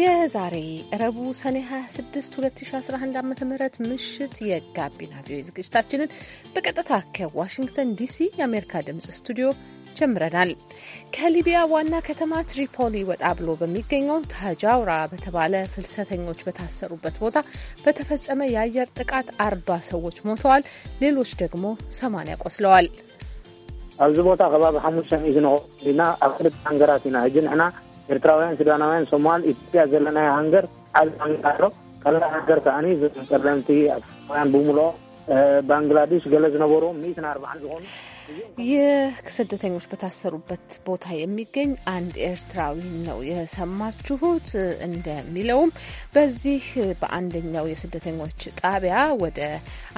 የዛሬ ረቡ ሰኔ 26 2011 ዓ ም ምሽት የጋቢና ቪኦኤ ዝግጅታችንን በቀጥታ ከዋሽንግተን ዲሲ የአሜሪካ ድምፅ ስቱዲዮ ጀምረናል። ከሊቢያ ዋና ከተማ ትሪፖሊ ወጣ ብሎ በሚገኘው ታጃውራ በተባለ ፍልሰተኞች በታሰሩበት ቦታ በተፈጸመ የአየር ጥቃት አርባ ሰዎች ሞተዋል፣ ሌሎች ደግሞ ሰማንያ ቆስለዋል። ኣብዚ ቦታ ከባቢ ሓሙሽተ ሚእዝን ኢና ኣብ ክልተ ሃንገራት ኢና ሕጂ ንሕና ኤርትራውያን፣ ሱዳናውያን፣ ሶማል ኢትዮጵያ ዘለና ሃንገር ኣሎ ካልእ ሃገር ከዓኒ ቀለምቲ ኣፍሪካውያን ብምልኦ ባንግላዴሽ ገለ ዝነበሩ ሚእትን ኣርባዕን ዝኾኑ የስደተኞች በታሰሩበት ቦታ የሚገኝ አንድ ኤርትራዊ ነው የሰማችሁት። እንደሚለውም በዚህ በአንደኛው የስደተኞች ጣቢያ ወደ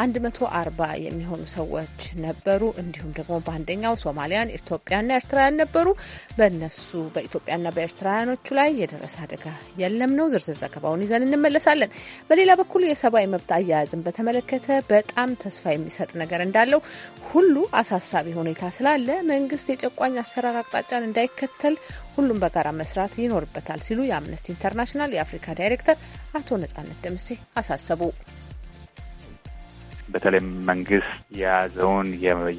140 የሚሆኑ ሰዎች ነበሩ። እንዲሁም ደግሞ በአንደኛው ሶማሊያን፣ ኢትዮጵያና ኤርትራውያን ነበሩ። በእነሱ በኢትዮጵያና በኤርትራውያኖቹ ላይ የደረሰ አደጋ የለም ነው። ዝርዝር ዘገባውን ይዘን እንመለሳለን። በሌላ በኩል የሰብአዊ መብት አያያዝን በተመለከተ በጣም ተስፋ የሚሰጥ ነገር እንዳለው ሁሉ አሳሳ አሳሳቢ ሁኔታ ስላለ መንግስት የጨቋኝ አሰራር አቅጣጫን እንዳይከተል ሁሉም በጋራ መስራት ይኖርበታል ሲሉ የአምነስቲ ኢንተርናሽናል የአፍሪካ ዳይሬክተር አቶ ነጻነት ደምሴ አሳሰቡ። በተለይ መንግስት የያዘውን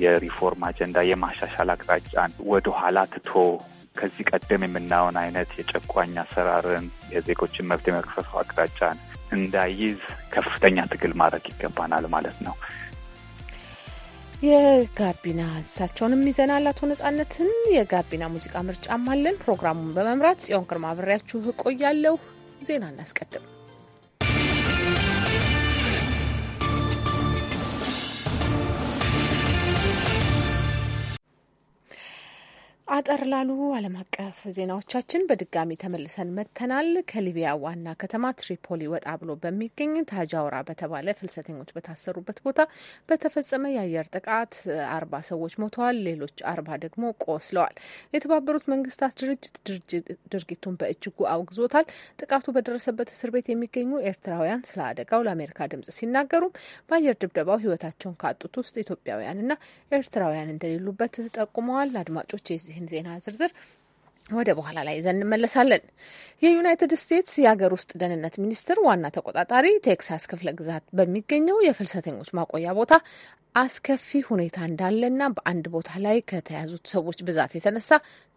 የሪፎርም አጀንዳ የማሻሻል አቅጣጫን ወደኋላ ትቶ ከዚህ ቀደም የምናየውን አይነት የጨቋኝ አሰራርን የዜጎችን መብት የመክፈፍ አቅጣጫን እንዳይዝ ከፍተኛ ትግል ማድረግ ይገባናል ማለት ነው። የጋቢና እሳቸውንም ይዘናል። አቶ ነጻነትን የጋቢና ሙዚቃ ምርጫም አለን። ፕሮግራሙን በመምራት ጽዮን ግርማ አብሬያችሁ እቆያለሁ። ዜና እናስቀድም። አጠር ላሉ ዓለም አቀፍ ዜናዎቻችን በድጋሚ ተመልሰን መጥተናል። ከሊቢያ ዋና ከተማ ትሪፖሊ ወጣ ብሎ በሚገኝ ታጃውራ በተባለ ፍልሰተኞች በታሰሩበት ቦታ በተፈጸመ የአየር ጥቃት አርባ ሰዎች ሞተዋል፣ ሌሎች አርባ ደግሞ ቆስለዋል። የተባበሩት መንግስታት ድርጅት ድርጊቱን በእጅጉ አውግዞታል። ጥቃቱ በደረሰበት እስር ቤት የሚገኙ ኤርትራውያን ስለ አደጋው ለአሜሪካ ድምጽ ሲናገሩም በአየር ድብደባው ህይወታቸውን ካጡት ውስጥ ኢትዮጵያውያንና ኤርትራውያን እንደሌሉበት ጠቁመዋል። አድማጮች የዚህ ይህን ዜና ዝርዝር ወደ በኋላ ላይ ይዘን እንመለሳለን። የዩናይትድ ስቴትስ የሀገር ውስጥ ደህንነት ሚኒስቴር ዋና ተቆጣጣሪ ቴክሳስ ክፍለ ግዛት በሚገኘው የፍልሰተኞች ማቆያ ቦታ አስከፊ ሁኔታ እንዳለና በአንድ ቦታ ላይ ከተያዙት ሰዎች ብዛት የተነሳ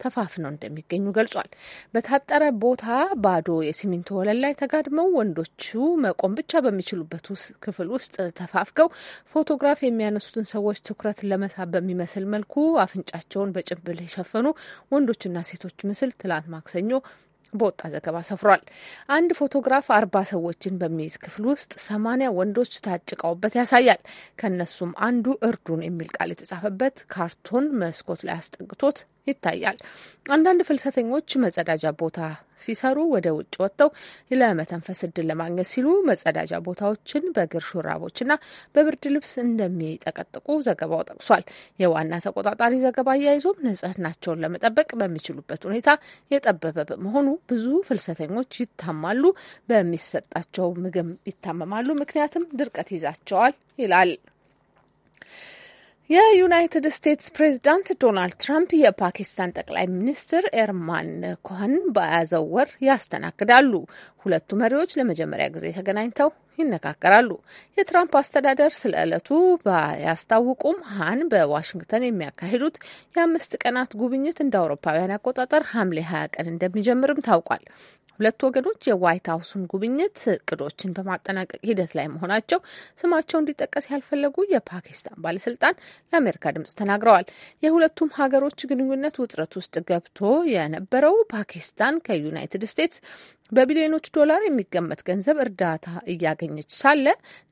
ተፋፍነው እንደሚገኙ ገልጿል። በታጠረ ቦታ ባዶ የሲሚንቶ ወለል ላይ ተጋድመው ወንዶቹ መቆም ብቻ በሚችሉበት ክፍል ውስጥ ተፋፍገው ፎቶግራፍ የሚያነሱትን ሰዎች ትኩረት ለመሳብ በሚመስል መልኩ አፍንጫቸውን በጭንብል የሸፈኑ ወንዶችና ሴቶች የሟቾች ምስል ትላንት ማክሰኞ በወጣ ዘገባ ሰፍሯል። አንድ ፎቶግራፍ አርባ ሰዎችን በሚይዝ ክፍል ውስጥ ሰማኒያ ወንዶች ታጭቀውበት ያሳያል። ከነሱም አንዱ እርዱን የሚል ቃል የተጻፈበት ካርቶን መስኮት ላይ አስጠግቶት ይታያል። አንዳንድ ፍልሰተኞች መጸዳጃ ቦታ ሲሰሩ ወደ ውጭ ወጥተው ለመተንፈስ እድል ለማግኘት ሲሉ መጸዳጃ ቦታዎችን በእግር ሹራቦችና በብርድ ልብስ እንደሚጠቀጥቁ ዘገባው ጠቅሷል። የዋና ተቆጣጣሪ ዘገባ አያይዞም ንጽህናቸውን ለመጠበቅ በሚችሉበት ሁኔታ የጠበበ በመሆኑ ብዙ ፍልሰተኞች ይታማሉ፣ በሚሰጣቸው ምግብ ይታመማሉ፣ ምክንያትም ድርቀት ይዛቸዋል ይላል። የዩናይትድ ስቴትስ ፕሬዝዳንት ዶናልድ ትራምፕ የፓኪስታን ጠቅላይ ሚኒስትር ኤርማን ኮህን በያዘው ወር ያስተናግዳሉ። ሁለቱ መሪዎች ለመጀመሪያ ጊዜ ተገናኝተው ይነጋገራሉ። የትራምፕ አስተዳደር ስለ ዕለቱ ባያስታውቁም ሀን በዋሽንግተን የሚያካሂዱት የአምስት ቀናት ጉብኝት እንደ አውሮፓውያን አቆጣጠር ሐምሌ ሀያ ቀን እንደሚጀምርም ታውቋል። ሁለቱ ወገኖች የዋይት ሀውሱን ጉብኝት እቅዶችን በማጠናቀቅ ሂደት ላይ መሆናቸው ስማቸው እንዲጠቀስ ያልፈለጉ የፓኪስታን ባለስልጣን ለአሜሪካ ድምጽ ተናግረዋል። የሁለቱም ሀገሮች ግንኙነት ውጥረት ውስጥ ገብቶ የነበረው ፓኪስታን ከዩናይትድ ስቴትስ በቢሊዮኖች ዶላር የሚገመት ገንዘብ እርዳታ እያገኘች ሳለ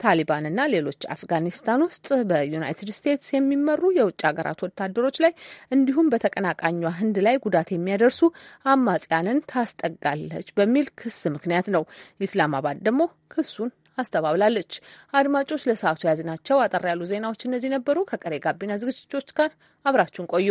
ታሊባንና ሌሎች አፍጋኒስታን ውስጥ በዩናይትድ ስቴትስ የሚመሩ የውጭ ሀገራት ወታደሮች ላይ እንዲሁም በተቀናቃኟ ህንድ ላይ ጉዳት የሚያደርሱ አማጽያንን ታስጠጋለች በሚል ክስ ምክንያት ነው። ኢስላማባድ ደግሞ ክሱን አስተባብላለች። አድማጮች ለሰዓቱ የያዝናቸው አጠር ያሉ ዜናዎች እነዚህ ነበሩ። ከቀሬ ጋቢና ዝግጅቶች ጋር አብራችሁን ቆዩ።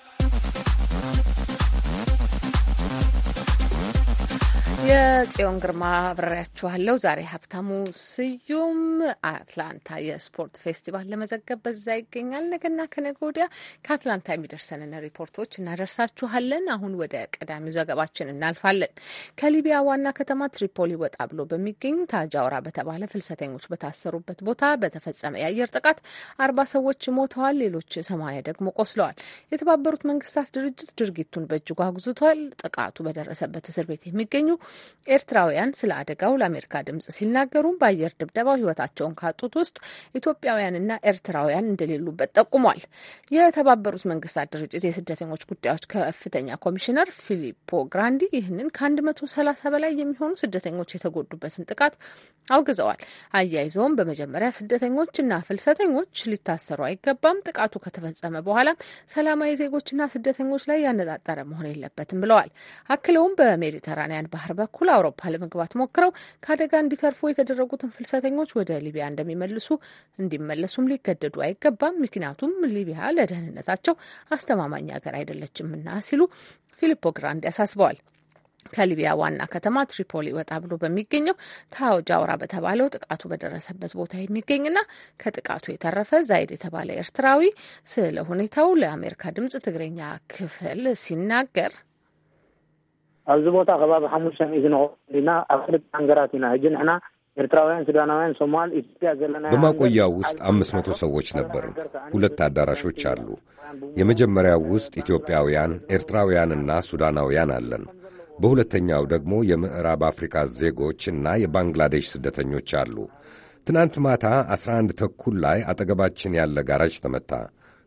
የጽዮን ግርማ አብረሪያችኋለሁ። ዛሬ ሀብታሙ ስዩም አትላንታ የስፖርት ፌስቲቫል ለመዘገብ በዛ ይገኛል። ነገና ከነገ ወዲያ ከአትላንታ የሚደርሰንን ሪፖርቶች እናደርሳችኋለን። አሁን ወደ ቀዳሚው ዘገባችን እናልፋለን። ከሊቢያ ዋና ከተማ ትሪፖሊ ወጣ ብሎ በሚገኝ ታጃውራ በተባለ ፍልሰተኞች በታሰሩበት ቦታ በተፈጸመ የአየር ጥቃት አርባ ሰዎች ሞተዋል፣ ሌሎች ሰማንያ ደግሞ ቆስለዋል። የተባበሩት መንግስታት ድርጅት ድርጊቱን በእጅጉ አውግዟል። ጥቃቱ በደረሰበት እስር ቤት የሚገኙ ኤርትራውያን ስለ አደጋው ለአሜሪካ ድምጽ ሲናገሩም በአየር ድብደባው ህይወታቸውን ካጡት ውስጥ ኢትዮጵያውያንና ኤርትራውያን እንደሌሉበት ጠቁሟል። የተባበሩት መንግስታት ድርጅት የስደተኞች ጉዳዮች ከፍተኛ ኮሚሽነር ፊሊፖ ግራንዲ ይህንን ከ130 በላይ የሚሆኑ ስደተኞች የተጎዱበትን ጥቃት አውግዘዋል። አያይዘውም በመጀመሪያ ስደተኞችና ፍልሰተኞች ሊታሰሩ አይገባም፣ ጥቃቱ ከተፈጸመ በኋላም ሰላማዊ ዜጎችና ስደተኞች ላይ ያነጣጠረ መሆን የለበትም ብለዋል። አክለውም በሜዲተራንያን ባህር በኩል በኩል አውሮፓ ለመግባት ሞክረው ከአደጋ እንዲተርፉ የተደረጉትን ፍልሰተኞች ወደ ሊቢያ እንደሚመልሱ እንዲመለሱም ሊገደዱ አይገባም፣ ምክንያቱም ሊቢያ ለደህንነታቸው አስተማማኝ ሀገር አይደለችምና ሲሉ ፊሊፖ ግራንዲ ያሳስበዋል። ከሊቢያ ዋና ከተማ ትሪፖሊ ወጣ ብሎ በሚገኘው ታጃውራ በተባለው ጥቃቱ በደረሰበት ቦታ የሚገኝና ከጥቃቱ የተረፈ ዛይድ የተባለ ኤርትራዊ ስለ ሁኔታው ለአሜሪካ ድምጽ ትግረኛ ክፍል ሲናገር ኣብዚ ቦታ ከባቢ ሓሙሽተ ሚእቲ ንቆሉ ኢና ኣብ ክልተ ሃንገራት ኢና ሕጂ ንሕና ኤርትራውያን፣ ሱዳናውያን፣ ሶማል፣ ኢትዮጵያ ዘለና በማቆያው ውስጥ አምስት መቶ ሰዎች ነበር። ሁለት አዳራሾች አሉ። የመጀመሪያው ውስጥ ኢትዮጵያውያን፣ ኤርትራውያንና ሱዳናውያን አለን። በሁለተኛው ደግሞ የምዕራብ አፍሪካ ዜጎች እና የባንግላዴሽ ስደተኞች አሉ። ትናንት ማታ 11 ተኩል ላይ አጠገባችን ያለ ጋራጅ ተመታ።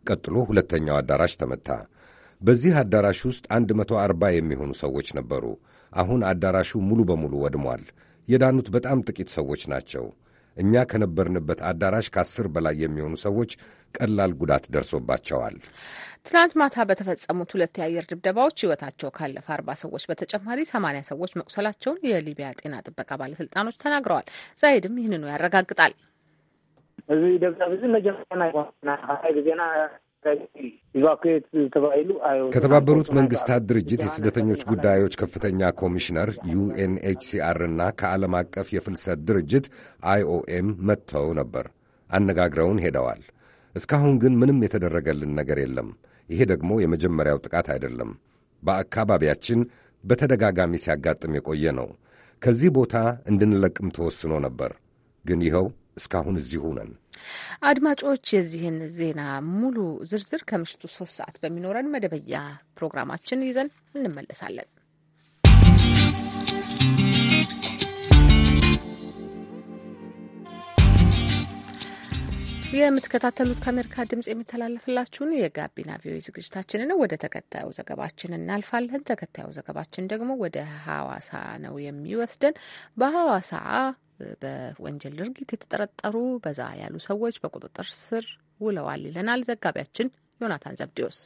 ቀጥሎ ሁለተኛው አዳራሽ ተመታ። በዚህ አዳራሽ ውስጥ 140 የሚሆኑ ሰዎች ነበሩ። አሁን አዳራሹ ሙሉ በሙሉ ወድሟል። የዳኑት በጣም ጥቂት ሰዎች ናቸው። እኛ ከነበርንበት አዳራሽ ከአስር በላይ የሚሆኑ ሰዎች ቀላል ጉዳት ደርሶባቸዋል። ትናንት ማታ በተፈጸሙት ሁለት የአየር ድብደባዎች ህይወታቸው ካለፈ አርባ ሰዎች በተጨማሪ ሰማኒያ ሰዎች መቁሰላቸውን የሊቢያ ጤና ጥበቃ ባለስልጣኖች ተናግረዋል። ዛሄድም ይህንኑ ያረጋግጣል። እዚ ከተባበሩት መንግስታት ድርጅት የስደተኞች ጉዳዮች ከፍተኛ ኮሚሽነር ዩኤንኤችሲአር እና ከዓለም አቀፍ የፍልሰት ድርጅት አይኦኤም መጥተው ነበር። አነጋግረውን ሄደዋል። እስካሁን ግን ምንም የተደረገልን ነገር የለም። ይሄ ደግሞ የመጀመሪያው ጥቃት አይደለም። በአካባቢያችን በተደጋጋሚ ሲያጋጥም የቆየ ነው። ከዚህ ቦታ እንድንለቅም ተወስኖ ነበር፣ ግን ይኸው እስካሁን እዚሁ ነን። አድማጮች የዚህን ዜና ሙሉ ዝርዝር ከምሽቱ ሶስት ሰዓት በሚኖረን መደበኛ ፕሮግራማችን ይዘን እንመለሳለን። የምትከታተሉት ከአሜሪካ ድምጽ የሚተላለፍላችሁን የጋቢና ቪኦኤ ዝግጅታችንን ነው። ወደ ተከታዩ ዘገባችን እናልፋለን። ተከታዩ ዘገባችን ደግሞ ወደ ሀዋሳ ነው የሚወስደን። በሀዋሳ በወንጀል ድርጊት የተጠረጠሩ በዛ ያሉ ሰዎች በቁጥጥር ስር ውለዋል ይለናል ዘጋቢያችን ዮናታን ዘብዲዮስ።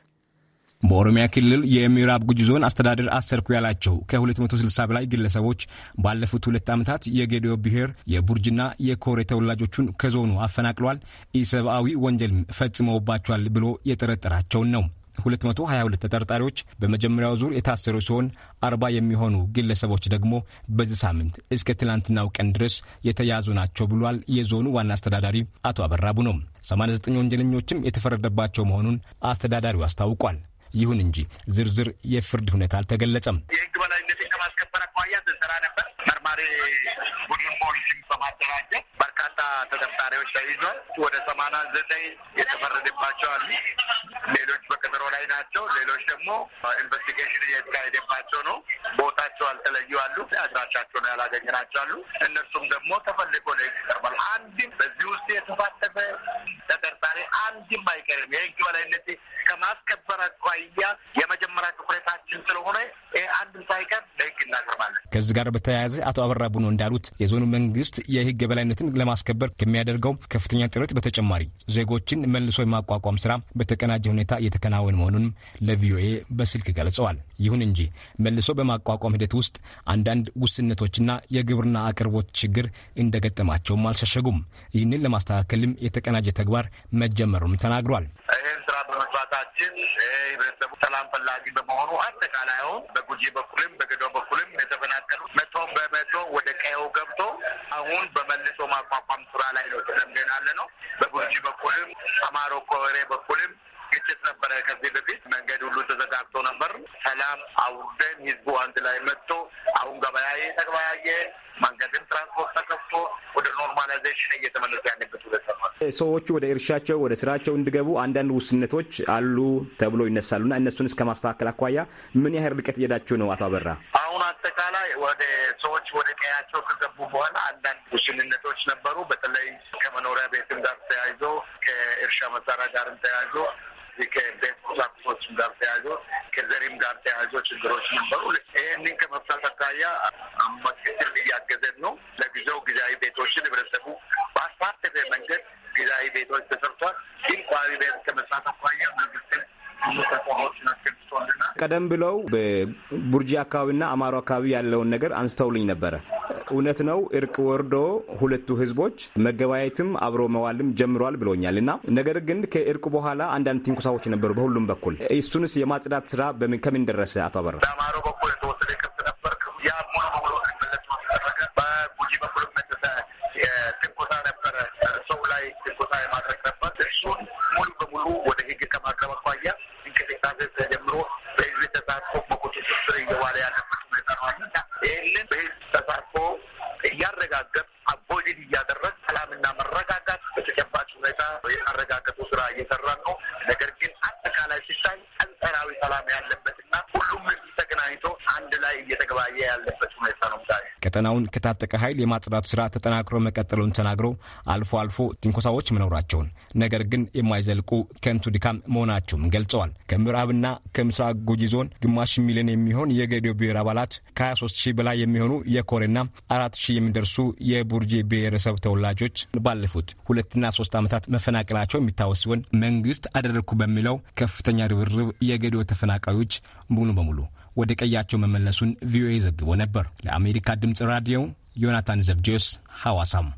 በኦሮሚያ ክልል የምዕራብ ጉጂ ዞን አስተዳደር አሰርኩ ያላቸው ከ260 በላይ ግለሰቦች ባለፉት ሁለት ዓመታት የጌዲዮ ብሔር የቡርጅና የኮሬ ተወላጆቹን ከዞኑ አፈናቅሏል፣ ኢሰብአዊ ወንጀልም ፈጽመውባቸዋል ብሎ የጠረጠራቸውን ነው። 222 ተጠርጣሪዎች በመጀመሪያው ዙር የታሰሩ ሲሆን 40 የሚሆኑ ግለሰቦች ደግሞ በዚህ ሳምንት እስከ ትላንትናው ቀን ድረስ የተያዙ ናቸው ብሏል የዞኑ ዋና አስተዳዳሪ አቶ አበራቡ ነው። 89 ወንጀለኞችም የተፈረደባቸው መሆኑን አስተዳዳሪው አስታውቋል። ይሁን እንጂ ዝርዝር የፍርድ ሁኔታ አልተገለጸም። የህግ በላይነትን ከማስከበር አኳያ ስንሰራ ነበር። መርማሪ ቡድን ፖሊሲን በማደራጀት በርካታ ተጠርጣሪዎች ተይዟል። ወደ ሰማና ዘጠኝ የተፈረደባቸው አሉ። ሌሎች በቀጠሮ ላይ ናቸው። ሌሎች ደግሞ ኢንቨስቲጌሽን እየተካሄደባቸው ነው። ቦታቸው አልተለዩ አሉ። አድራሻቸው ነው ያላገኘናቸው አሉ። እነሱም ደግሞ ተፈልጎ ለህግ ይቀርባል። አንድም በዚህ ውስጥ የተሳተፈ ተጠርጣሪ አንድም አይቀርም። የህግ በላይነት ከማስከበር አኳያ የመጀመሪያ ትኩረታችን ስለሆነ አንድም ሳይቀር ለህግ እናቀርባለን። ከዚህ ጋር በተያያዘ አቶ አበራ ቡኖ እንዳሉት የዞኑ መንግስት የህግ የበላይነትን ለማስከበር ከሚያደርገው ከፍተኛ ጥረት በተጨማሪ ዜጎችን መልሶ የማቋቋም ስራ በተቀናጀ ሁኔታ እየተከናወነ መሆኑንም ለቪኦኤ በስልክ ገልጸዋል። ይሁን እንጂ መልሶ በማቋቋም ሂደት ውስጥ አንዳንድ ውስንነቶችና የግብርና አቅርቦት ችግር እንደገጠማቸውም አልሸሸጉም። ይህንን ለማስተካከልም የተቀናጀ ተግባር መጀመሩም ተናግሯል። ይህን ስራ በመስራት ህብረተሰባችን ህብረተሰቡ ሰላም ፈላጊ በመሆኑ አጠቃላይ በጉጂ በኩልም በገዶ በኩልም የተፈናቀሉ መቶ በመቶ ወደ ቀየው ገብቶ አሁን በመልሶ ማቋቋም ስራ ላይ ነው ተለምደናለ ነው። በጉጂ በኩልም አማሮ ኮሬ በኩልም ግጭት ነበረ። ከዚህ በፊት መንገድ ሁሉ ተዘጋግቶ ነበር። ሰላም አውርደን ህዝቡ አንድ ላይ መጥቶ አሁን ገበያየ ተገበያየ፣ መንገድን ትራንስፖርት ተከፍቶ ወደ ኖርማላይዜሽን እየተመለሱ ያለበት ሁለት ሰዎቹ ወደ እርሻቸው ወደ ስራቸው እንዲገቡ አንዳንድ ውስነቶች አሉ ተብሎ ይነሳሉ እና እነሱን እስከ ማስተካከል አኳያ ምን ያህል ርቀት እየሄዳችሁ ነው? አቶ አበራ፣ አሁን አጠቃላይ ወደ ሰዎች ወደ ቀያቸው ከገቡ በኋላ አንዳንድ ውስንነቶች ነበሩ። በተለይ ከመኖሪያ ቤትም ጋር ተያይዞ ከእርሻ መሳሪያ ጋርም ተያይዞ ከዚህ ከቤት ቁሳቁሶችም ጋር ተያይዞ ከዘሪም ጋር ተያይዞ ችግሮች ነበሩ። ይህንን ከመፍታት አኳያ አማክትል እያገዘን ነው። ለጊዜው ጊዜያዊ ቤቶችን ህብረተሰቡ በአሳተፈ መንገድ ጊዜያዊ ቤቶች ተሰርቷል። ግን ቋሚ ቤት ከመስራት አኳያ መንግስትን ተቋሞችን አስገድቷልና ቀደም ብለው በቡርጂ አካባቢና አማሮ አካባቢ ያለውን ነገር አንስተውልኝ ነበረ። እውነት ነው። እርቅ ወርዶ ሁለቱ ህዝቦች መገባየትም አብሮ መዋልም ጀምሯል ብሎኛል እና ነገር ግን ከእርቁ በኋላ አንዳንድ ትንኩሳዎች ነበሩ በሁሉም በኩል። እሱንስ የማጽዳት ስራ ከምን ደረሰ አቶ አበራ? በአማሮ በኩል ቀጠናውን ከታጠቀ ኃይል የማጽዳቱ ስራ ተጠናክሮ መቀጠሉን ተናግረው አልፎ አልፎ ትንኮሳዎች መኖራቸውን ነገር ግን የማይዘልቁ ከንቱ ድካም መሆናቸውም ገልጸዋል። ከምዕራብና ከምስራቅ ጉጂ ዞን ግማሽ ሚሊዮን የሚሆን የገዲዮ ብሔር አባላት ከ23 ሺህ በላይ የሚሆኑ የኮሬና 4 ሺህ የሚደርሱ የቡርጄ ብሔረሰብ ተወላጆች ባለፉት ሁለትና ሶስት ዓመታት መፈናቀላቸው የሚታወስ ሲሆን መንግስት አደረግኩ በሚለው ከፍተኛ ርብርብ የገዲዮ ተፈናቃዮች ሙሉ በሙሉ ወደ ቀያቸው መመለሱን ቪኦኤ ዘግቦ ነበር። ለአሜሪካ ድምፅ ራዲዮ ዮናታን ዘብዲዮስ ሐዋሳም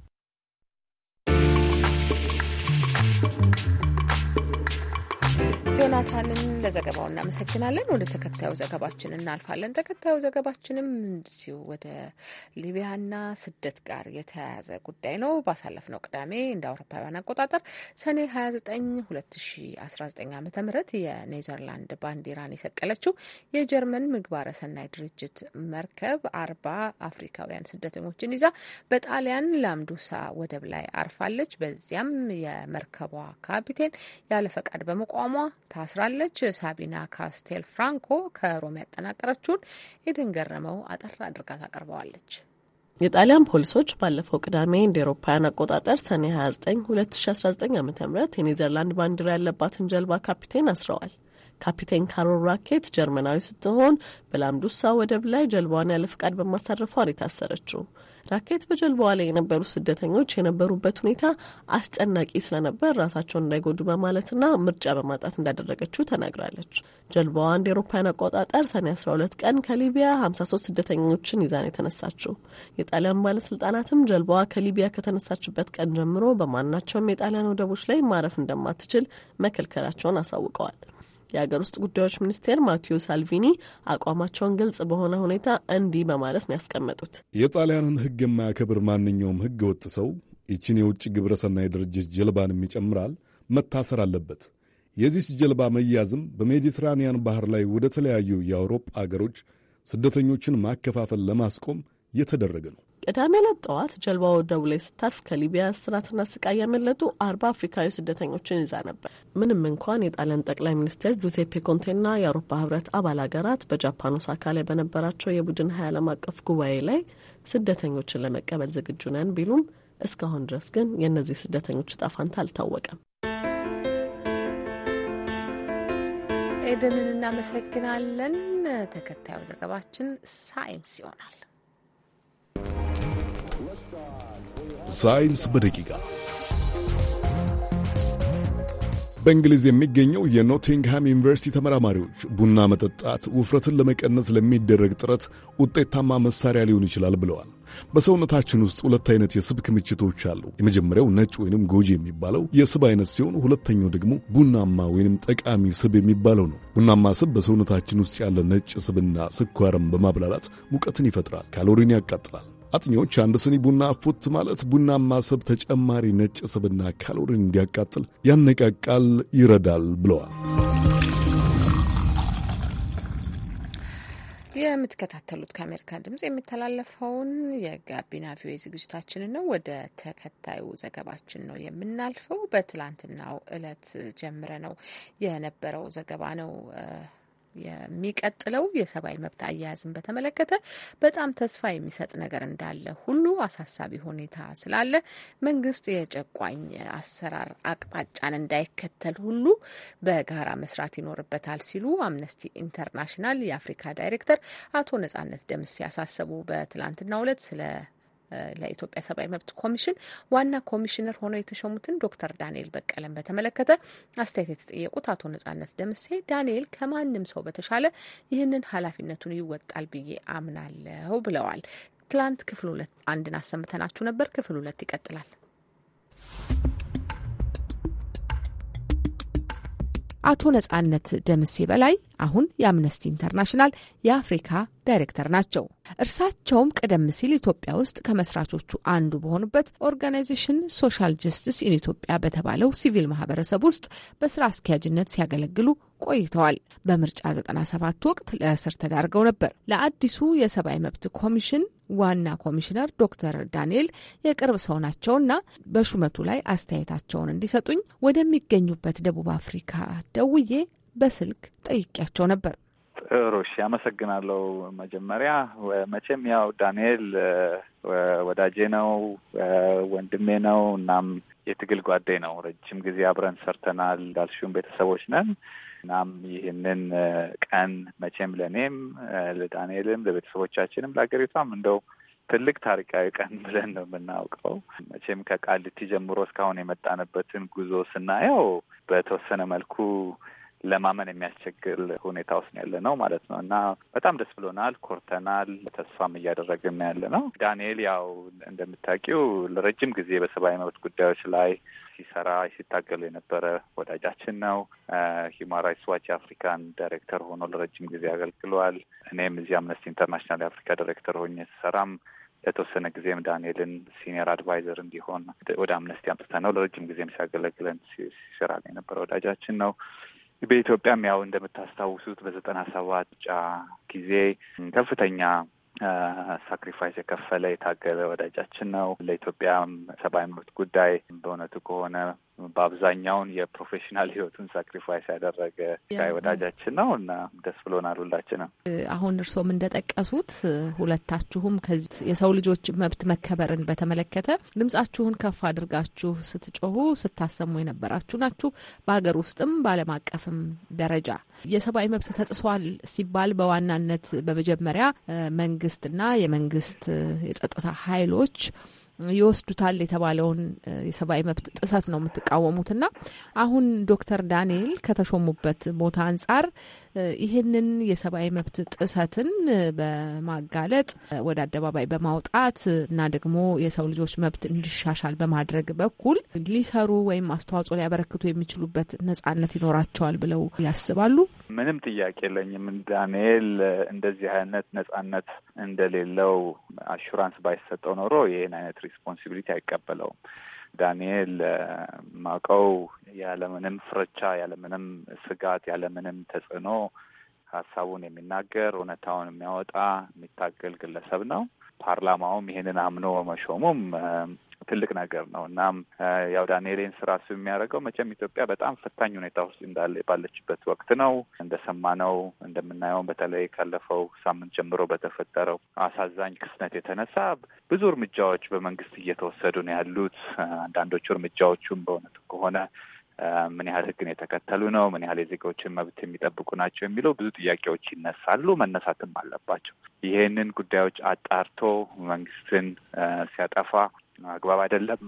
ዮናታንን ለዘገባው እናመሰግናለን። ወደ ተከታዩ ዘገባችን እናልፋለን። ተከታዩ ዘገባችንም እዚሁ ወደ ሊቢያና ስደት ጋር የተያያዘ ጉዳይ ነው። ባሳለፍነው ቅዳሜ እንደ አውሮፓውያን አቆጣጠር ሰኔ 29 2019 ዓ ም የኔዘርላንድ ባንዲራን የሰቀለችው የጀርመን ምግባረ ሰናይ ድርጅት መርከብ አርባ አፍሪካውያን ስደተኞችን ይዛ በጣሊያን ላምዱሳ ወደብ ላይ አርፋለች። በዚያም የመርከቧ ካፒቴን ያለ ፈቃድ በመቋሟ ታስራለች። ሳቢና ካስቴል ፍራንኮ ከሮም ያጠናቀረችውን ኤደን ገረመው አጠር አድርጋ ታቀርበዋለች። የጣሊያን ፖሊሶች ባለፈው ቅዳሜ እንደ ኤሮፓውያን አቆጣጠር ሰኔ 29 2019 ዓ ም የኔዘርላንድ ባንዲራ ያለባትን ጀልባ ካፒቴን አስረዋል። ካፒቴን ካሮል ራኬት ጀርመናዊ ስትሆን በላምዱሳ ወደብ ላይ ጀልባዋን ያለ ፍቃድ በማሳረፏ የታሰረችው። ራኬት በጀልባዋ ላይ የነበሩ ስደተኞች የነበሩበት ሁኔታ አስጨናቂ ስለነበር ራሳቸውን እንዳይጎዱ በማለትና ምርጫ በማጣት እንዳደረገችው ተናግራለች። ጀልባዋ እንደ ኤሮፓያን አቆጣጠር ሰኔ 12 ቀን ከሊቢያ 53 ስደተኞችን ይዛን የተነሳችው። የጣሊያን ባለስልጣናትም ጀልባዋ ከሊቢያ ከተነሳችበት ቀን ጀምሮ በማናቸውም የጣሊያን ወደቦች ላይ ማረፍ እንደማትችል መከልከላቸውን አሳውቀዋል። የሀገር ውስጥ ጉዳዮች ሚኒስቴር ማቴዎ ሳልቪኒ አቋማቸውን ግልጽ በሆነ ሁኔታ እንዲህ በማለት ነው ያስቀመጡት። የጣሊያንን ሕግ የማያከብር ማንኛውም ሕገ ወጥ ሰው ይችን የውጭ ግብረሰናይ ድርጅት ጀልባንም ይጨምራል መታሰር አለበት። የዚች ጀልባ መያዝም በሜዲትራኒያን ባህር ላይ ወደ ተለያዩ የአውሮፓ አገሮች ስደተኞችን ማከፋፈል ለማስቆም የተደረገ ነው። ቅዳሜ ዕለት ጠዋት ጀልባ ወደቡ ላይ ስታርፍ ከሊቢያ እስራትና ስቃይ ያመለጡ አርባ አፍሪካዊ ስደተኞችን ይዛ ነበር። ምንም እንኳን የጣሊያን ጠቅላይ ሚኒስትር ጁሴፔ ኮንቴና የአውሮፓ ህብረት አባል ሀገራት በጃፓን ኦሳካ ላይ በነበራቸው የቡድን ሀያ ዓለም አቀፍ ጉባኤ ላይ ስደተኞችን ለመቀበል ዝግጁ ነን ቢሉም እስካሁን ድረስ ግን የእነዚህ ስደተኞች ዕጣ ፈንታ አልታወቀም። ኤደንን እናመሰግናለን። ተከታዩ ዘገባችን ሳይንስ ይሆናል። ሳይንስ በደቂቃ በእንግሊዝ የሚገኘው የኖቲንግሃም ዩኒቨርሲቲ ተመራማሪዎች ቡና መጠጣት ውፍረትን ለመቀነስ ለሚደረግ ጥረት ውጤታማ መሳሪያ ሊሆን ይችላል ብለዋል። በሰውነታችን ውስጥ ሁለት አይነት የስብ ክምችቶች አሉ። የመጀመሪያው ነጭ ወይንም ጎጂ የሚባለው የስብ አይነት ሲሆን ሁለተኛው ደግሞ ቡናማ ወይንም ጠቃሚ ስብ የሚባለው ነው። ቡናማ ስብ በሰውነታችን ውስጥ ያለ ነጭ ስብና ስኳርን በማብላላት ሙቀትን ይፈጥራል፣ ካሎሪን ያቃጥላል። አጥኚዎች አንድ ስኒ ቡና ፉት ማለት ቡናማ ስብ ተጨማሪ ነጭ ስብና ካሎሪን እንዲያቃጥል ያነቃቃል፣ ይረዳል ብለዋል። የምትከታተሉት ከአሜሪካ ድምጽ የሚተላለፈውን የጋቢና ቪኦኤ ዝግጅታችንን ነው። ወደ ተከታዩ ዘገባችን ነው የምናልፈው። በትላንትናው እለት ጀምረ ነው የነበረው ዘገባ ነው የሚቀጥለው የሰብአዊ መብት አያያዝን በተመለከተ በጣም ተስፋ የሚሰጥ ነገር እንዳለ ሁሉ አሳሳቢ ሁኔታ ስላለ መንግስት የጨቋኝ አሰራር አቅጣጫን እንዳይከተል ሁሉ በጋራ መስራት ይኖርበታል ሲሉ አምነስቲ ኢንተርናሽናል የአፍሪካ ዳይሬክተር አቶ ነጻነት ደምስ ያሳሰቡ በትላንትናው ዕለት ስለ ለኢትዮጵያ ሰብአዊ መብት ኮሚሽን ዋና ኮሚሽነር ሆነው የተሾሙትን ዶክተር ዳንኤል በቀለን በተመለከተ አስተያየት የተጠየቁት አቶ ነጻነት ደምሴ ዳንኤል ከማንም ሰው በተሻለ ይህንን ኃላፊነቱን ይወጣል ብዬ አምናለሁ ብለዋል። ትላንት ክፍል ሁለት አንድን አሰምተናችሁ ነበር። ክፍል ሁለት ይቀጥላል። አቶ ነጻነት ደምሴ በላይ አሁን የአምነስቲ ኢንተርናሽናል የአፍሪካ ዳይሬክተር ናቸው። እርሳቸውም ቀደም ሲል ኢትዮጵያ ውስጥ ከመስራቾቹ አንዱ በሆኑበት ኦርጋናይዜሽን ሶሻል ጀስቲስ ኢን ኢትዮጵያ በተባለው ሲቪል ማህበረሰብ ውስጥ በስራ አስኪያጅነት ሲያገለግሉ ቆይተዋል። በምርጫ 97 ወቅት ለእስር ተዳርገው ነበር። ለአዲሱ የሰብአዊ መብት ኮሚሽን ዋና ኮሚሽነር ዶክተር ዳንኤል የቅርብ ሰው ናቸውና በሹመቱ ላይ አስተያየታቸውን እንዲሰጡኝ ወደሚገኙበት ደቡብ አፍሪካ ደውዬ በስልክ ጠይቄያቸው ነበር። ጥሩ እሺ፣ አመሰግናለሁ። መጀመሪያ መቼም ያው ዳንኤል ወዳጄ ነው፣ ወንድሜ ነው፣ እናም የትግል ጓዴ ነው። ረጅም ጊዜ አብረን ሰርተናል። እንዳልሽውም ቤተሰቦች ነን። እናም ይህንን ቀን መቼም ለእኔም፣ ለዳንኤልም፣ ለቤተሰቦቻችንም፣ ለአገሪቷም እንደው ትልቅ ታሪካዊ ቀን ብለን ነው የምናውቀው። መቼም ከቃሊቲ ጀምሮ እስካሁን የመጣንበትን ጉዞ ስናየው በተወሰነ መልኩ ለማመን የሚያስቸግር ሁኔታ ውስጥ ያለ ነው ማለት ነው እና በጣም ደስ ብሎናል፣ ኮርተናል፣ ተስፋም እያደረግን ያለ ነው። ዳንኤል ያው እንደምታውቂው ለረጅም ጊዜ በሰብአዊ መብት ጉዳዮች ላይ ሲሰራ ሲታገሉ የነበረ ወዳጃችን ነው። ሂውማን ራይትስ ዋች የአፍሪካን ዳይሬክተር ሆኖ ለረጅም ጊዜ አገልግሏል። እኔም እዚህ አምነስቲ ኢንተርናሽናል የአፍሪካ ዳይሬክተር ሆኜ ስሰራም ለተወሰነ ጊዜም ዳንኤልን ሲኒየር አድቫይዘር እንዲሆን ወደ አምነስቲ አምጥተ ነው። ለረጅም ጊዜም ሲያገለግለን ሲሰራ የነበረ ወዳጃችን ነው። በኢትዮጵያም ያው እንደምታስታውሱት በዘጠና ሰባት ጫ ጊዜ ከፍተኛ ሳክሪፋይስ የከፈለ የታገለ ወዳጃችን ነው። ለኢትዮጵያም ሰብአዊ መብት ጉዳይ በእውነቱ ከሆነ በአብዛኛውን የፕሮፌሽናል ህይወቱን ሳክሪፋይስ ያደረገ ጋይ ወዳጃችን ነው እና ደስ ብሎናል ሁላችንም። አሁን እርስዎም እንደጠቀሱት ሁለታችሁም ከዚህ የሰው ልጆች መብት መከበርን በተመለከተ ድምጻችሁን ከፍ አድርጋችሁ ስትጮሁ ስታሰሙ የነበራችሁ ናችሁ። በሀገር ውስጥም በዓለም አቀፍም ደረጃ የሰብአዊ መብት ተጽሷል ሲባል በዋናነት በመጀመሪያ መንግስትና የመንግስት የጸጥታ ኃይሎች ይወስዱታል የተባለውን የሰብአዊ መብት ጥሰት ነው የምትቃወሙት ና አሁን ዶክተር ዳንኤል ከተሾሙበት ቦታ አንጻር ይህንን የሰብአዊ መብት ጥሰትን በማጋለጥ ወደ አደባባይ በማውጣት እና ደግሞ የሰው ልጆች መብት እንዲሻሻል በማድረግ በኩል ሊሰሩ ወይም አስተዋጽኦ ሊያበረክቱ የሚችሉበት ነጻነት ይኖራቸዋል ብለው ያስባሉ? ምንም ጥያቄ የለኝም። ዳንኤል እንደዚህ አይነት ነጻነት እንደሌለው አሹራንስ ባይሰጠው ኖሮ ይህን አይነት ሪስፖንሲቢሊቲ አይቀበለውም። ዳንኤል ማውቀው ያለምንም ፍርቻ፣ ያለምንም ስጋት፣ ያለምንም ተጽዕኖ ሀሳቡን የሚናገር እውነታውን የሚያወጣ የሚታገል ግለሰብ ነው። ፓርላማውም ይሄንን አምኖ መሾሙም ትልቅ ነገር ነው። እናም ያው ዳንኤሌን ስራ ስብ የሚያደርገው መቼም ኢትዮጵያ በጣም ፈታኝ ሁኔታ ውስጥ እንዳለ ባለችበት ወቅት ነው። እንደሰማነው እንደምናየው በተለይ ካለፈው ሳምንት ጀምሮ በተፈጠረው አሳዛኝ ክስነት የተነሳ ብዙ እርምጃዎች በመንግስት እየተወሰዱ ነው ያሉት። አንዳንዶቹ እርምጃዎቹም በእውነቱ ከሆነ ምን ያህል ህግን የተከተሉ ነው? ምን ያህል የዜጋዎችን መብት የሚጠብቁ ናቸው? የሚለው ብዙ ጥያቄዎች ይነሳሉ፣ መነሳትም አለባቸው። ይሄንን ጉዳዮች አጣርቶ መንግስትን ሲያጠፋ ነው፣ አግባብ አይደለም።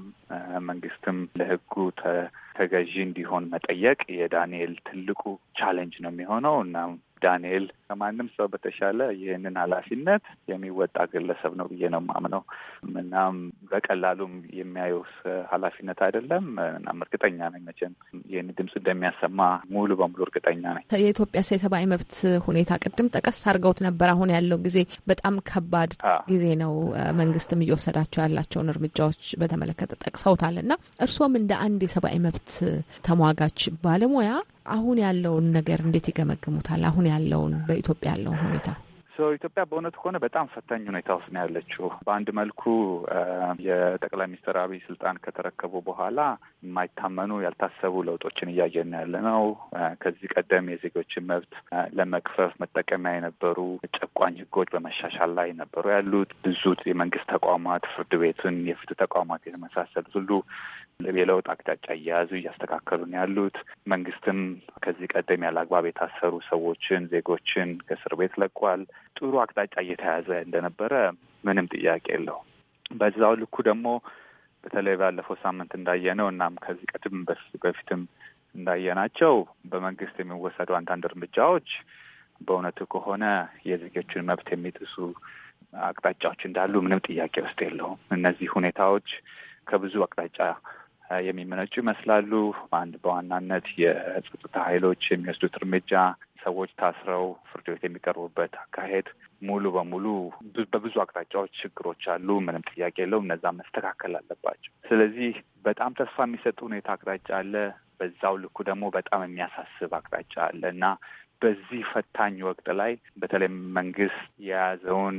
መንግስትም ለህጉ ተገዢ እንዲሆን መጠየቅ የዳንኤል ትልቁ ቻለንጅ ነው የሚሆነው እና ዳንኤል ከማንም ሰው በተሻለ ይህንን ኃላፊነት የሚወጣ ግለሰብ ነው ብዬ ነው ማምነው። እናም በቀላሉም የሚያዩት ኃላፊነት አይደለም። እናም እርግጠኛ ነኝ መቼም ይህን ድምፅ እንደሚያሰማ ሙሉ በሙሉ እርግጠኛ ነኝ። የኢትዮጵያ የሰብአዊ መብት ሁኔታ ቅድም ጠቀስ አድርገውት ነበር። አሁን ያለው ጊዜ በጣም ከባድ ጊዜ ነው። መንግስትም እየወሰዳቸው ያላቸውን እርምጃዎች በተመለከተ ጠቅሰውታል እና እርስዎም እንደ አንድ የሰብአዊ መብት ተሟጋች ባለሙያ አሁን ያለውን ነገር እንዴት ይገመግሙታል? አሁን ያለውን በኢትዮጵያ ያለውን ሁኔታ ኢትዮጵያ በእውነቱ ከሆነ በጣም ፈታኝ ሁኔታ ውስጥ ነው ያለችው። በአንድ መልኩ የጠቅላይ ሚኒስትር አብይ ስልጣን ከተረከቡ በኋላ የማይታመኑ ያልታሰቡ ለውጦችን እያየን ያለ ነው። ከዚህ ቀደም የዜጎችን መብት ለመክፈፍ መጠቀሚያ የነበሩ ጨቋኝ ሕጎች በመሻሻል ላይ ነበሩ ያሉት ብዙ የመንግስት ተቋማት ፍርድ ቤቱን፣ የፍትህ ተቋማት የተመሳሰሉት ሁሉ የለውጥ አቅጣጫ እየያዙ እያስተካከሉ ነው ያሉት። መንግስትም ከዚህ ቀደም ያለ አግባብ የታሰሩ ሰዎችን ዜጎችን ከእስር ቤት ለቋል። ጥሩ አቅጣጫ እየተያዘ እንደነበረ ምንም ጥያቄ የለው። በዛው ልኩ ደግሞ በተለይ ባለፈው ሳምንት እንዳየነው እናም ከዚህ ቀድም በፊትም እንዳየናቸው በመንግስት የሚወሰዱ አንዳንድ እርምጃዎች በእውነቱ ከሆነ የዜጎችን መብት የሚጥሱ አቅጣጫዎች እንዳሉ ምንም ጥያቄ ውስጥ የለውም። እነዚህ ሁኔታዎች ከብዙ አቅጣጫ የሚመነጩ ይመስላሉ። አንድ በዋናነት የጸጥታ ኃይሎች የሚወስዱት እርምጃ ሰዎች ታስረው ፍርድ ቤት የሚቀርቡበት አካሄድ ሙሉ በሙሉ በብዙ አቅጣጫዎች ችግሮች አሉ። ምንም ጥያቄ የለውም። እነዛ መስተካከል አለባቸው። ስለዚህ በጣም ተስፋ የሚሰጥ ሁኔታ አቅጣጫ አለ። በዛው ልኩ ደግሞ በጣም የሚያሳስብ አቅጣጫ አለ እና በዚህ ፈታኝ ወቅት ላይ በተለይ መንግስት የያዘውን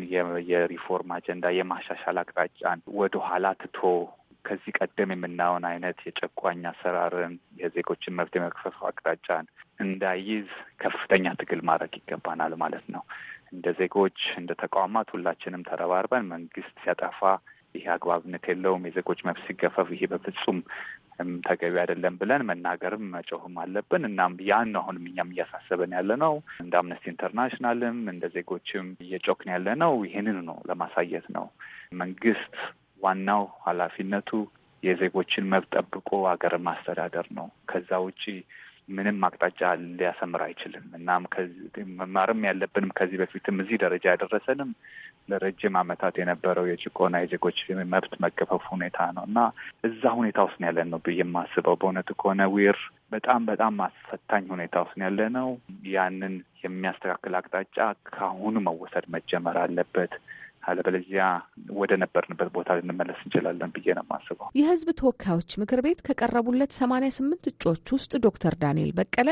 የሪፎርም አጀንዳ የማሻሻል አቅጣጫን ወደ ኋላ ትቶ ከዚህ ቀደም የምናየውን አይነት የጨቋኝ አሰራርን የዜጎችን መብት የመክፈፍ አቅጣጫን እንዳይዝ ከፍተኛ ትግል ማድረግ ይገባናል ማለት ነው። እንደ ዜጎች፣ እንደ ተቋማት ሁላችንም ተረባርበን መንግስት ሲያጠፋ ይህ አግባብነት የለውም፣ የዜጎች መብት ሲገፈፍ ይሄ በፍጹም ተገቢ አይደለም ብለን መናገርም መጮህም አለብን። እናም ያን አሁንም እኛም እያሳሰበን ያለ ነው። እንደ አምነስቲ ኢንተርናሽናልም እንደ ዜጎችም እየጮክን ያለ ነው። ይህንን ነው ለማሳየት ነው መንግስት ዋናው ኃላፊነቱ የዜጎችን መብት ጠብቆ ሀገር ማስተዳደር ነው። ከዛ ውጪ ምንም አቅጣጫ ሊያሰምር አይችልም። እናም መማርም ያለብንም ከዚህ በፊትም እዚህ ደረጃ ያደረሰንም ለረጅም ዓመታት የነበረው የጭቆና የዜጎች መብት መገፈፍ ሁኔታ ነው እና እዛ ሁኔታ ውስጥ ያለን ነው ብዬ የማስበው በእውነቱ ከሆነ ዊር በጣም በጣም አስፈታኝ ሁኔታ ውስጥ ያለ ነው። ያንን የሚያስተካክል አቅጣጫ ከአሁኑ መወሰድ መጀመር አለበት። አለበለዚያ ወደ ነበርንበት ቦታ ልንመለስ እንችላለን ብዬ ነው የማስበው። የህዝብ ተወካዮች ምክር ቤት ከቀረቡለት ሰማንያ ስምንት እጩዎች ውስጥ ዶክተር ዳንኤል በቀለ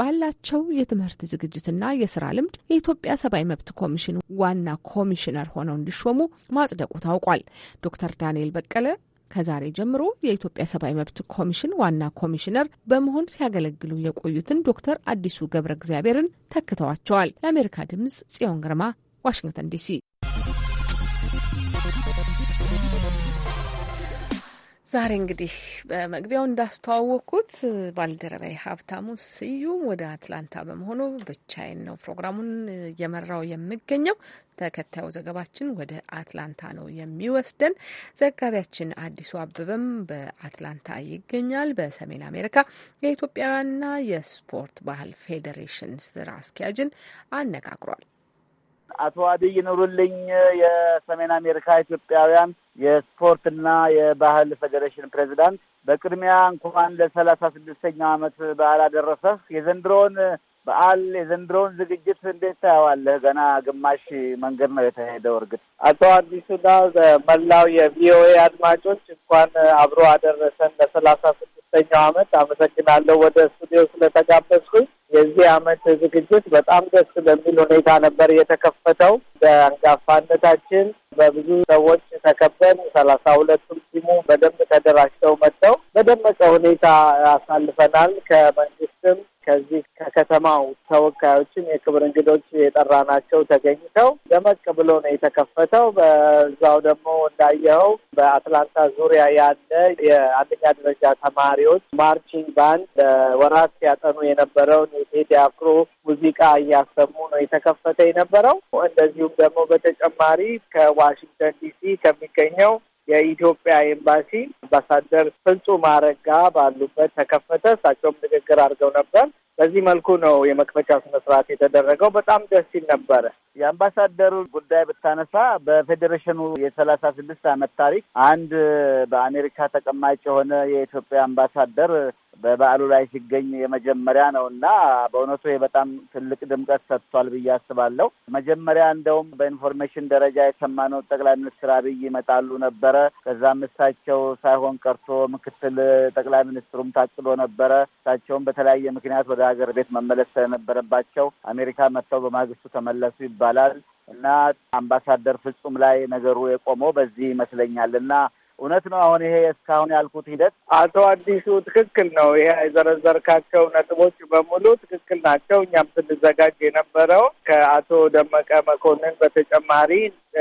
ባላቸው የትምህርት ዝግጅትና የስራ ልምድ የኢትዮጵያ ሰብአዊ መብት ኮሚሽን ዋና ኮሚሽነር ሆነው እንዲሾሙ ማጽደቁ ታውቋል። ዶክተር ዳንኤል በቀለ ከዛሬ ጀምሮ የኢትዮጵያ ሰብአዊ መብት ኮሚሽን ዋና ኮሚሽነር በመሆን ሲያገለግሉ የቆዩትን ዶክተር አዲሱ ገብረ እግዚአብሔርን ተክተዋቸዋል። ለአሜሪካ ድምጽ ጽዮን ግርማ ዋሽንግተን ዲሲ ዛሬ እንግዲህ በመግቢያው እንዳስተዋወቅኩት ባልደረባዊ ሀብታሙ ስዩም ወደ አትላንታ በመሆኑ ብቻዬን ነው ፕሮግራሙን እየመራው የሚገኘው። ተከታዩ ዘገባችን ወደ አትላንታ ነው የሚወስደን። ዘጋቢያችን አዲሱ አበበም በአትላንታ ይገኛል። በሰሜን አሜሪካ የኢትዮጵያና የስፖርት ባህል ፌዴሬሽን ስራ አስኪያጅን አነጋግሯል። አቶ አብይ ኑሩልኝ የሰሜን አሜሪካ ኢትዮጵያውያን የስፖርትና የባህል ፌዴሬሽን ፕሬዚዳንት በቅድሚያ እንኳን ለሰላሳ ስድስተኛው ዓመት በዓል አደረሰህ። የዘንድሮውን በዓል የዘንድሮውን ዝግጅት እንዴት ታየዋለህ? ገና ግማሽ መንገድ ነው የተሄደው። እርግጥ አቶ አዲሱና መላው የቪኦኤ አድማጮች እንኳን አብሮ አደረሰን ለሰላሳ ስድስተኛው አመት። አመሰግናለሁ ወደ ስቱዲዮ ስለተጋበዝኩኝ። የዚህ አመት ዝግጅት በጣም ደስ በሚል ሁኔታ ነበር የተከፈተው። በአንጋፋነታችን በብዙ ሰዎች ተከበን ሰላሳ ሁለቱም ሲሙ በደንብ ተደራጅተው መጥተው በደመቀ ሁኔታ አሳልፈናል። ከመንግስትም ከዚህ ከከተማው ተወካዮችም የክብር እንግዶች ናቸው ተገኝተው ደመቅ ብሎ ነው የተከፈተው። በዛው ደግሞ እንዳየኸው በአትላንታ ዙሪያ ያለ የአንደኛ ደረጃ ተማሪዎች ማርቺንግ ባንድ ለወራት ሲያጠኑ የነበረውን የቴዲ አፍሮ ሙዚቃ እያሰሙ ነው የተከፈተ የነበረው። እንደዚሁም ደግሞ በተጨማሪ ከዋሽንግተን ዲሲ ከሚገኘው የኢትዮጵያ ኤምባሲ አምባሳደር ፍጹም አረጋ ባሉበት ተከፈተ። እሳቸውም ንግግር አድርገው ነበር። በዚህ መልኩ ነው የመክፈቻ ስነ ስርዓት የተደረገው። በጣም ደስ ሲል ነበረ። የአምባሳደሩ ጉዳይ ብታነሳ በፌዴሬሽኑ የሰላሳ ስድስት ዓመት ታሪክ አንድ በአሜሪካ ተቀማጭ የሆነ የኢትዮጵያ አምባሳደር በበዓሉ ላይ ሲገኝ የመጀመሪያ ነው እና በእውነቱ በጣም ትልቅ ድምቀት ሰጥቷል ብዬ አስባለሁ። መጀመሪያ እንደውም በኢንፎርሜሽን ደረጃ የሰማነው ጠቅላይ ሚኒስትር አብይ ይመጣሉ ነበረ። ከዛም እሳቸው ሳይሆን ሳይሆን ቀርቶ ምክትል ጠቅላይ ሚኒስትሩም ታጭሎ ነበረ። እሳቸውም በተለያየ ምክንያት ወደ ሀገር ቤት መመለስ ስለነበረባቸው አሜሪካ መጥተው በማግስቱ ተመለሱ ይባላል እና አምባሳደር ፍጹም ላይ ነገሩ የቆመው በዚህ ይመስለኛል እና እውነት ነው። አሁን ይሄ እስካሁን ያልኩት ሂደት አቶ አዲሱ ትክክል ነው። ይሄ የዘረዘርካቸው ነጥቦች በሙሉ ትክክል ናቸው። እኛም ስንዘጋጅ የነበረው ከአቶ ደመቀ መኮንን በተጨማሪ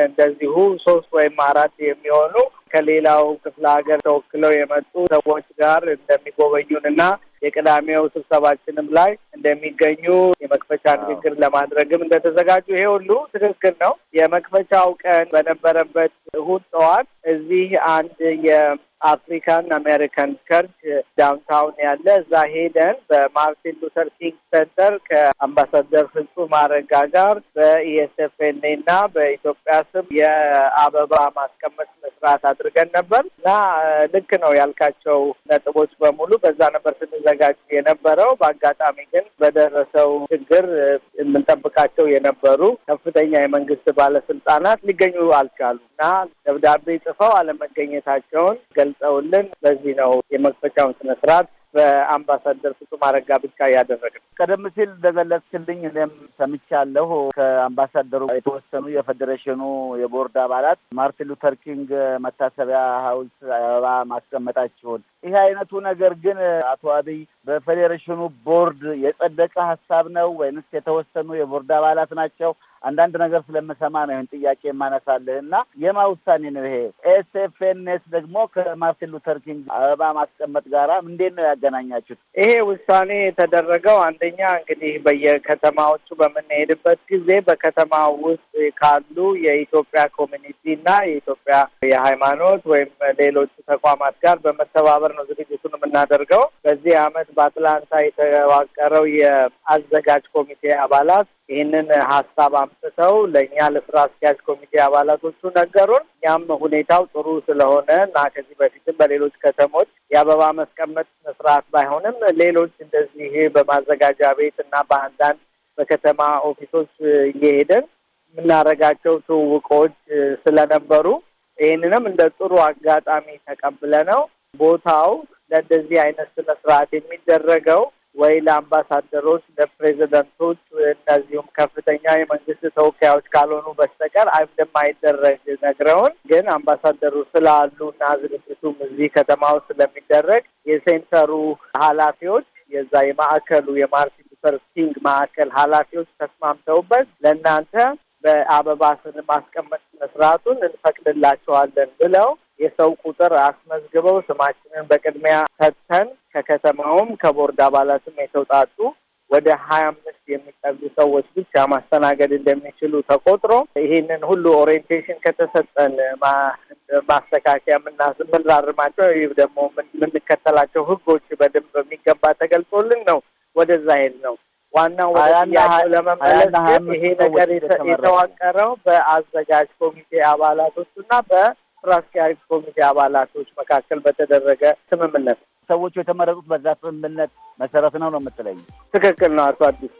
እንደዚሁ ሶስት ወይም አራት የሚሆኑ ከሌላው ክፍለ ሀገር ተወክለው የመጡ ሰዎች ጋር እንደሚጎበኙን እና የቅዳሜው ስብሰባችንም ላይ እንደሚገኙ የመክፈቻ ንግግር ለማድረግም እንደተዘጋጁ ይሄ ሁሉ ትክክል ነው። የመክፈቻው ቀን በነበረበት እሁድ ጠዋት እዚህ አንድ የ አፍሪካን አሜሪካን ቸርች ዳውንታውን ያለ እዛ ሄደን በማርቲን ሉተር ኪንግ ሴንተር ከአምባሳደር ፍጹም አረጋ ጋር በኢኤስኤፍኤን እና በኢትዮጵያ ስም የአበባ ማስቀመጥ ስርዓት አድርገን ነበር እና ልክ ነው ያልካቸው ነጥቦች በሙሉ በዛ ነበር ስንዘጋጅ የነበረው። በአጋጣሚ ግን በደረሰው ችግር የምንጠብቃቸው የነበሩ ከፍተኛ የመንግስት ባለስልጣናት ሊገኙ አልቻሉ እና ደብዳቤ ጽፈው አለመገኘታቸውን ገል ገልጸውልን በዚህ ነው የመክፈቻውን ስነስርዓት በአምባሳደር ፍጹም አረጋ ብቻ ያደረግነው። ቀደም ሲል እንደገለጽክልኝ እኔም ሰምቻለሁ። ከአምባሳደሩ የተወሰኑ የፌዴሬሽኑ የቦርድ አባላት ማርቲን ሉተር ኪንግ መታሰቢያ ሐውልት አበባ ማስቀመጣችሁን። ይህ አይነቱ ነገር ግን አቶ አብይ በፌዴሬሽኑ ቦርድ የጸደቀ ሀሳብ ነው ወይንስ የተወሰኑ የቦርድ አባላት ናቸው አንዳንድ ነገር ስለምሰማ ነው ይህን ጥያቄ የማነሳልህ እና የማ ውሳኔ ነው ይሄ? ኤስኤፍኤንኤስ ደግሞ ከማርቲን ሉተር ኪንግ አበባ ማስቀመጥ ጋራ እንዴት ነው ያገናኛችሁት? ይሄ ውሳኔ የተደረገው አንደኛ እንግዲህ በየከተማዎቹ በምንሄድበት ጊዜ በከተማ ውስጥ ካሉ የኢትዮጵያ ኮሚኒቲ እና የኢትዮጵያ የሃይማኖት ወይም ሌሎቹ ተቋማት ጋር በመተባበር ነው ዝግጅቱን የምናደርገው። በዚህ አመት በአትላንታ የተዋቀረው የአዘጋጅ ኮሚቴ አባላት ይህንን ሀሳብ አምጥተው ለእኛ ለስራ አስኪያጅ ኮሚቴ አባላቶቹ ነገሩን። ያም ሁኔታው ጥሩ ስለሆነ እና ከዚህ በፊትም በሌሎች ከተሞች የአበባ መስቀመጥ ስነስርዓት ባይሆንም ሌሎች እንደዚህ በማዘጋጃ ቤት እና በአንዳንድ በከተማ ኦፊሶች እየሄደን የምናደርጋቸው ትውውቆች ስለነበሩ ይህንንም እንደ ጥሩ አጋጣሚ ተቀብለ ነው ቦታው ለእንደዚህ አይነት ስነስርዓት የሚደረገው ወይ ለአምባሳደሮች፣ ለፕሬዚደንቶች እንደዚሁም ከፍተኛ የመንግስት ተወካዮች ካልሆኑ በስተቀር እንደማይደረግ ነግረውን፣ ግን አምባሳደሩ ስላሉ እና ዝግጅቱም እዚህ ከተማ ውስጥ ስለሚደረግ የሴንተሩ ኃላፊዎች የዛ የማዕከሉ የማርቲን ሉተር ኪንግ ማዕከል ኃላፊዎች ተስማምተውበት ለእናንተ በአበባ ስን ማስቀመጥ መስራቱን እንፈቅድላቸዋለን ብለው የሰው ቁጥር አስመዝግበው ስማችንን በቅድሚያ ሰጥተን ከከተማውም ከቦርድ አባላትም የተውጣጡ ወደ ሀያ አምስት የሚጠጉ ሰዎች ብቻ ማስተናገድ እንደሚችሉ ተቆጥሮ ይህንን ሁሉ ኦሪየንቴሽን ከተሰጠን ማስተካከያ የምናራርማቸው ይህ ደግሞ የምንከተላቸው ህጎች በደንብ በሚገባ ተገልጾልን ነው ወደዛ ሄድ ነው። ዋናው ወደያቸው ለመመለስ ይሄ ነገር የተዋቀረው በአዘጋጅ ኮሚቴ አባላቶች እና በስራ አስኪያጅ ኮሚቴ አባላቶች መካከል በተደረገ ስምምነት ነው። ሰዎቹ የተመረጡት በዛ ስምምነት መሰረት ነው ነው የምትለኝ? ትክክል ነው አቶ አዲስ።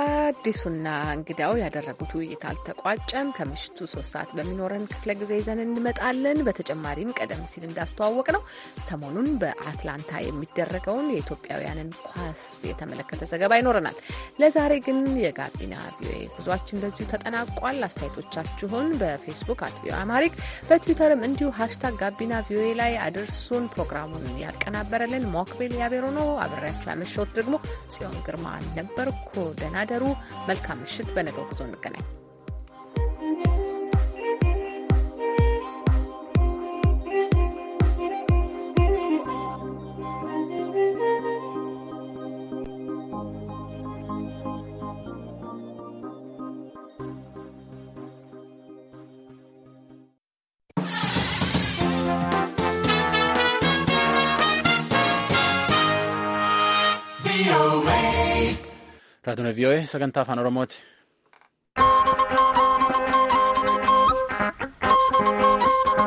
አዲሱና እንግዳው ያደረጉት ውይይት አልተቋጨም። ከምሽቱ ሶስት ሰዓት በሚኖረን ክፍለ ጊዜ ይዘን እንመጣለን። በተጨማሪም ቀደም ሲል እንዳስተዋወቅ ነው ሰሞኑን በአትላንታ የሚደረገውን የኢትዮጵያውያንን ኳስ የተመለከተ ዘገባ ይኖረናል። ለዛሬ ግን የጋቢና ቪኦኤ ጉዟችን በዚሁ ተጠናቋል። አስተያየቶቻችሁን በፌስቡክ አት ቪኦኤ አማሪክ በትዊተርም እንዲሁ ሀሽታግ ጋቢና ቪኦኤ ላይ አድርሱን። ፕሮግራሙን ያቀናበረልን ሞክቤል ያቤሮ ነው። አብሬያቸው ያመሸሁት ደግሞ ጽዮን ግርማ ነበርኩ። ደና አደሩ። መልካም ምሽት። በነገው ጉዞ እንገናኝ። Vi'oo isa gantaa afaan Oromooti.